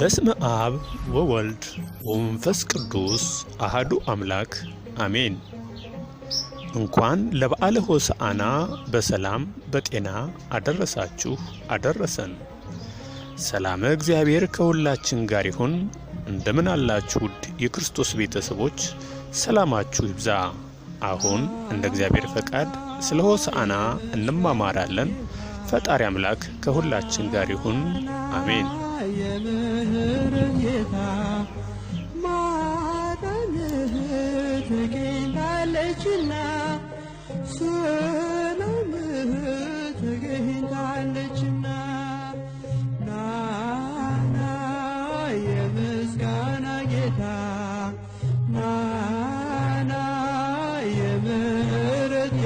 በስመ አብ ወወልድ ወመንፈስ ቅዱስ አህዱ አምላክ አሜን። እንኳን ለበዓለ ሆሳዕና በሰላም በጤና አደረሳችሁ አደረሰን። ሰላም እግዚአብሔር ከሁላችን ጋር ይሁን። እንደምን አላችሁ ውድ የክርስቶስ ቤተሰቦች፣ ሰላማችሁ ይብዛ። አሁን እንደ እግዚአብሔር ፈቃድ ስለ ሆሳዕና እንማማራለን። ፈጣሪ አምላክ ከሁላችን ጋር ይሁን። አሜን።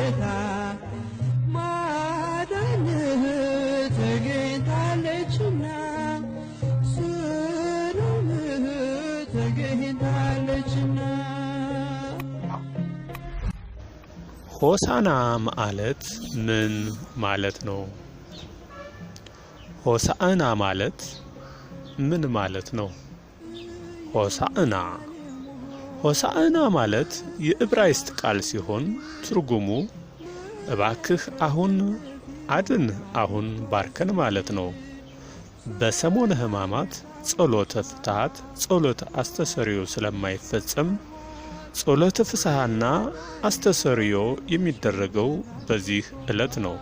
ጌታ ማዳንህ ተገኝታለችና ሰላምህ ተገኝታለችና። ሆሳና ማለት ምን ማለት ነው? ሆሳዕና ማለት ምን ማለት ነው? ሆሳዕና ሆሳዕና ማለት የዕብራይስጥ ቃል ሲሆን ትርጉሙ እባክህ አሁን አድን፣ አሁን ባርከን ማለት ነው። በሰሞነ ሕማማት ጸሎተ ፍትሐት፣ ጸሎተ አስተሰሪዮ ስለማይፈጸም ጸሎተ ፍስሐና አስተሰሪዮ የሚደረገው በዚህ ዕለት ነው።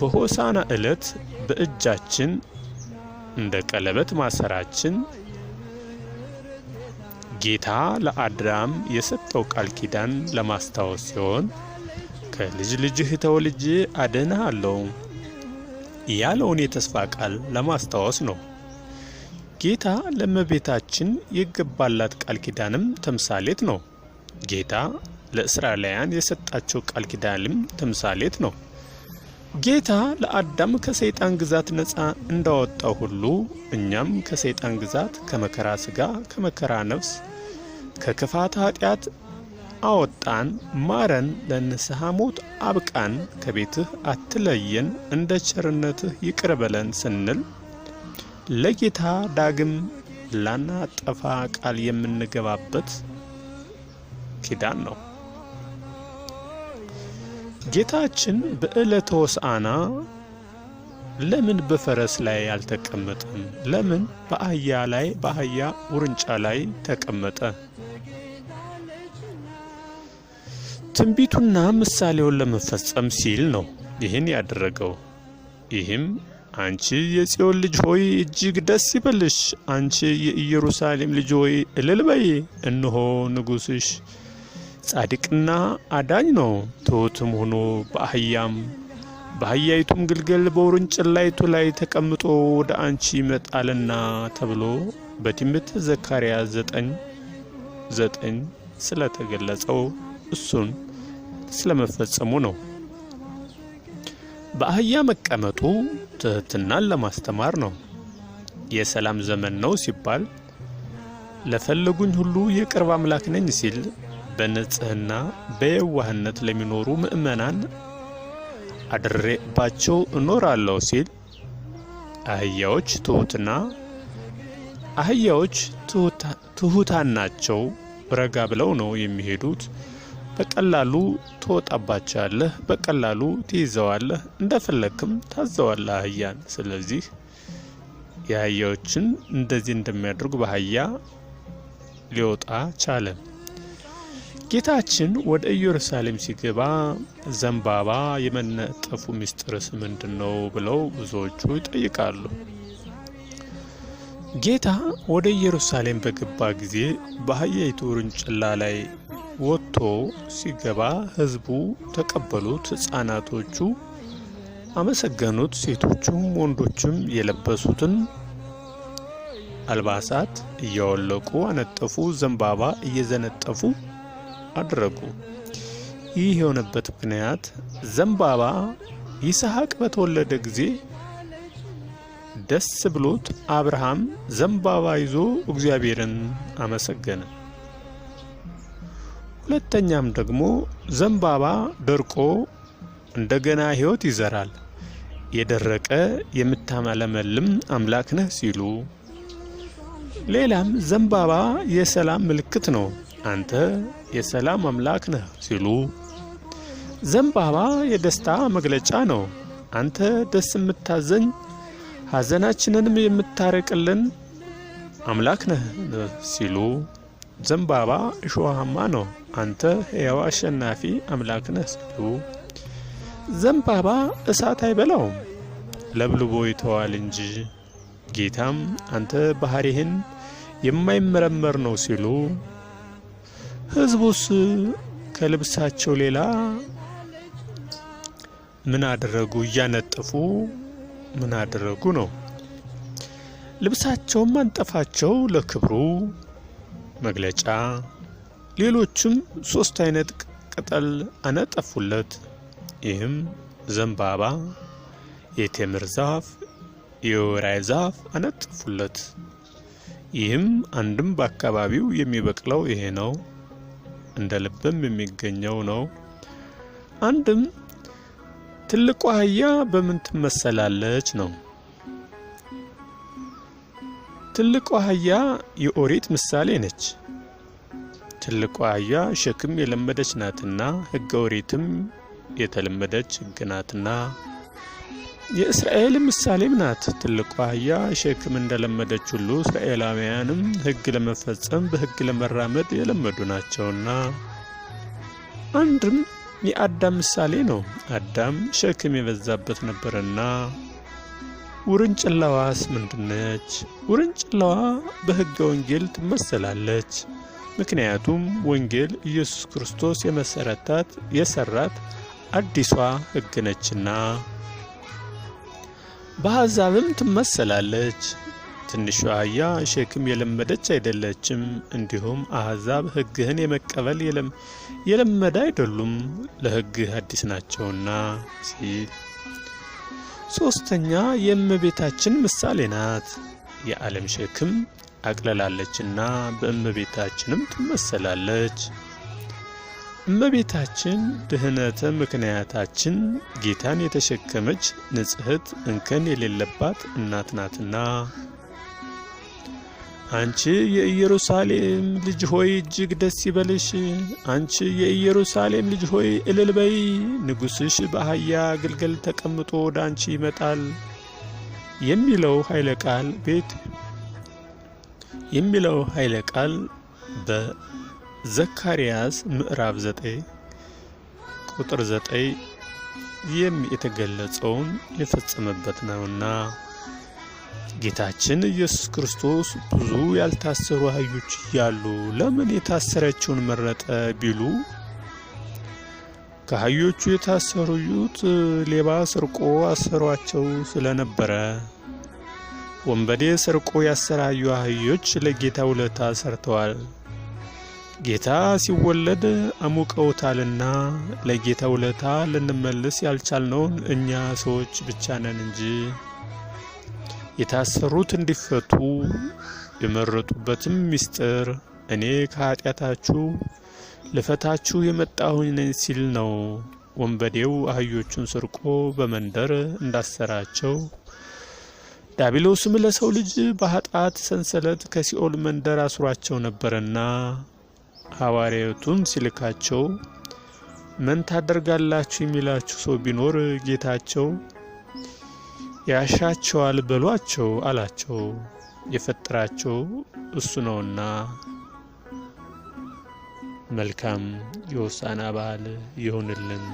በሆሳና ዕለት በእጃችን እንደ ቀለበት ማሰራችን ጌታ ለአዳም የሰጠው ቃል ኪዳን ለማስታወስ ሲሆን ከልጅ ልጅህ ተወልጄ አድንሃለሁ ያለውን የተስፋ ቃል ለማስታወስ ነው። ጌታ ለእመቤታችን የገባላት ቃል ኪዳንም ተምሳሌት ነው። ጌታ ለእስራኤላውያን የሰጣቸው ቃል ኪዳንም ተምሳሌት ነው። ጌታ ለአዳም ከሰይጣን ግዛት ነፃ እንዳወጣው ሁሉ እኛም ከሰይጣን ግዛት፣ ከመከራ ስጋ ከመከራ ነፍስ ከክፋት ኃጢአት አወጣን፣ ማረን፣ ለንስሐ ሞት አብቃን፣ ከቤትህ አትለየን፣ እንደ ቸርነትህ ይቅር በለን ስንል ለጌታ ዳግም ላናጠፋ ቃል የምንገባበት ኪዳን ነው። ጌታችን በዕለተ ሆሳዕና ለምን በፈረስ ላይ አልተቀመጠም? ለምን በአህያ ላይ በአህያ ውርንጫ ላይ ተቀመጠ? ትንቢቱና ምሳሌውን ለመፈጸም ሲል ነው ይህን ያደረገው። ይህም አንቺ የጽዮን ልጅ ሆይ እጅግ ደስ ይበልሽ፣ አንቺ የኢየሩሳሌም ልጅ ሆይ እልል በይ፣ እንሆ ንጉሥሽ ጻድቅና አዳኝ ነው፣ ትሑትም ሆኖ በአህያም በአህያይቱም ግልገል በውርንጭላይቱ ላይ ተቀምጦ ወደ አንቺ ይመጣልና ተብሎ በትንቢተ ዘካርያስ ዘጠኝ ዘጠኝ ስለተገለጸው እሱን ስለመፈጸሙ ነው። በአህያ መቀመጡ ትህትናን ለማስተማር ነው። የሰላም ዘመን ነው ሲባል ለፈለጉኝ ሁሉ የቅርብ አምላክ ነኝ ሲል በንጽህና በየዋህነት ለሚኖሩ ምእመናን አድሬባቸው እኖራለሁ ሲል አህያዎች ትሁትና አህያዎች ትሁታን ናቸው። ረጋ ብለው ነው የሚሄዱት። በቀላሉ ትወጣባቸዋለህ፣ በቀላሉ ትይዘዋለህ፣ እንደፈለግክም ታዘዋለህ አህያን። ስለዚህ የአህያዎችን እንደዚህ እንደሚያደርጉ በአህያ ሊወጣ ቻለ። ጌታችን ወደ ኢየሩሳሌም ሲገባ ዘንባባ የመነጠፉ ምስጢርስ ምንድን ነው ብለው ብዙዎቹ ይጠይቃሉ። ጌታ ወደ ኢየሩሳሌም በገባ ጊዜ በአህያይቱ ውርንጭላ ላይ ወጥቶ ሲገባ ህዝቡ ተቀበሉት። ህፃናቶቹ አመሰገኑት። ሴቶቹም ወንዶችም የለበሱትን አልባሳት እያወለቁ አነጠፉ፣ ዘንባባ እየዘነጠፉ አደረጉ። ይህ የሆነበት ምክንያት ዘንባባ ይስሐቅ በተወለደ ጊዜ ደስ ብሎት አብርሃም ዘንባባ ይዞ እግዚአብሔርን አመሰገነ። ሁለተኛም ደግሞ ዘንባባ ደርቆ እንደገና ሕይወት ይዘራል። የደረቀ የምታመለመልም አምላክ ነህ ሲሉ፣ ሌላም ዘንባባ የሰላም ምልክት ነው፣ አንተ የሰላም አምላክ ነህ ሲሉ፣ ዘንባባ የደስታ መግለጫ ነው፣ አንተ ደስ የምታዘኝ ሐዘናችንንም የምታረቅልን አምላክ ነህ ሲሉ፣ ዘንባባ እሾሃማ ነው፣ አንተ ሕያው አሸናፊ አምላክ ነህ ሲሉ ዘንባባ እሳት አይበላውም ለብልቦ ይተዋል እንጂ ጌታም አንተ ባህሪህን የማይመረመር ነው ሲሉ ሕዝቡስ ከልብሳቸው ሌላ ምን አደረጉ? እያነጠፉ ምን አደረጉ ነው። ልብሳቸውም አንጠፋቸው ለክብሩ መግለጫ ሌሎችም ሶስት አይነት ቅጠል አነጠፉለት። ይህም ዘንባባ፣ የቴምር ዛፍ፣ የወራይ ዛፍ አነጠፉለት። ይህም አንድም በአካባቢው የሚበቅለው ይሄ ነው፣ እንደ ልብም የሚገኘው ነው። አንድም ትልቁ አህያ በምን ትመሰላለች ነው። ትልቁ አህያ የኦሪት ምሳሌ ነች። ትልቋ አህያ ሸክም የለመደች ናትና ሕገ ኦሪትም የተለመደች ሕግ ናትና የእስራኤል ምሳሌም ናት። ትልቋ አህያ ሸክም እንደለመደች ሁሉ እስራኤላውያንም ሕግ ለመፈጸም በሕግ ለመራመድ የለመዱ ናቸውና አንድም የአዳም ምሳሌ ነው። አዳም ሸክም የበዛበት ነበርና ውርንጭላዋስ ምንድነች? ውርንጭላዋ በሕገ ወንጌል ትመሰላለች። ምክንያቱም ወንጌል ኢየሱስ ክርስቶስ የመሰረታት የሰራት አዲሷ ሕግ ነችና። በአሕዛብም ትመሰላለች። ትንሿ አህያ ሸክም የለመደች አይደለችም። እንዲሁም አሕዛብ ሕግህን የመቀበል የለመደ አይደሉም፣ ለሕግህ አዲስ ናቸውና ሲል ሦስተኛ የእመቤታችን ምሳሌ ናት። የዓለም ሸክም አቅለላለችና በእመቤታችንም ትመሰላለች። እመቤታችን ድህነተ ምክንያታችን ጌታን የተሸከመች ንጽሕት እንከን የሌለባት እናት ናትና አንቺ የኢየሩሳሌም ልጅ ሆይ እጅግ ደስ ይበልሽ። አንቺ የኢየሩሳሌም ልጅ ሆይ እልል በይ። ንጉሥሽ በአህያ ግልገል ተቀምጦ ወደ አንቺ ይመጣል የሚለው ኃይለ ቃል ቤት የሚለው ኃይለ ቃል በዘካርያስ ምዕራፍ 9 ቁጥር 9 የተገለጸውን የፈጸመበት ነውና ጌታችን ኢየሱስ ክርስቶስ ብዙ ያልታሰሩ አህዮች እያሉ ለምን የታሰረችውን መረጠ ቢሉ ከአህዮቹ የታሰሩት ሌባ ስርቆ አሰሯቸው ስለነበረ ወንበዴ ሰርቆ ያሰራዩ አህዮች ለጌታ ውለታ ሰርተዋል። ጌታ ሲወለድ አሙቀውታልና ለጌታ ውለታ ልንመልስ ያልቻልነውን እኛ ሰዎች ብቻ ነን እንጂ የታሰሩት እንዲፈቱ የመረጡበትም ምስጢር እኔ ከኃጢአታችሁ ልፈታችሁ የመጣሁኝ ነኝ ሲል ነው። ወንበዴው አህዮቹን ስርቆ በመንደር እንዳሰራቸው ዳቢሎስም ለሰው ልጅ በኃጢአት ሰንሰለት ከሲኦል መንደር አስሯቸው ነበርና ሐዋርያቱን ሲልካቸው ምን ታደርጋላችሁ የሚላችሁ ሰው ቢኖር ጌታቸው ያሻቸዋል በሏቸው አላቸው፣ የፈጠራቸው እሱ ነውና። መልካም የሆሳዕና በዓል ይሁንልን።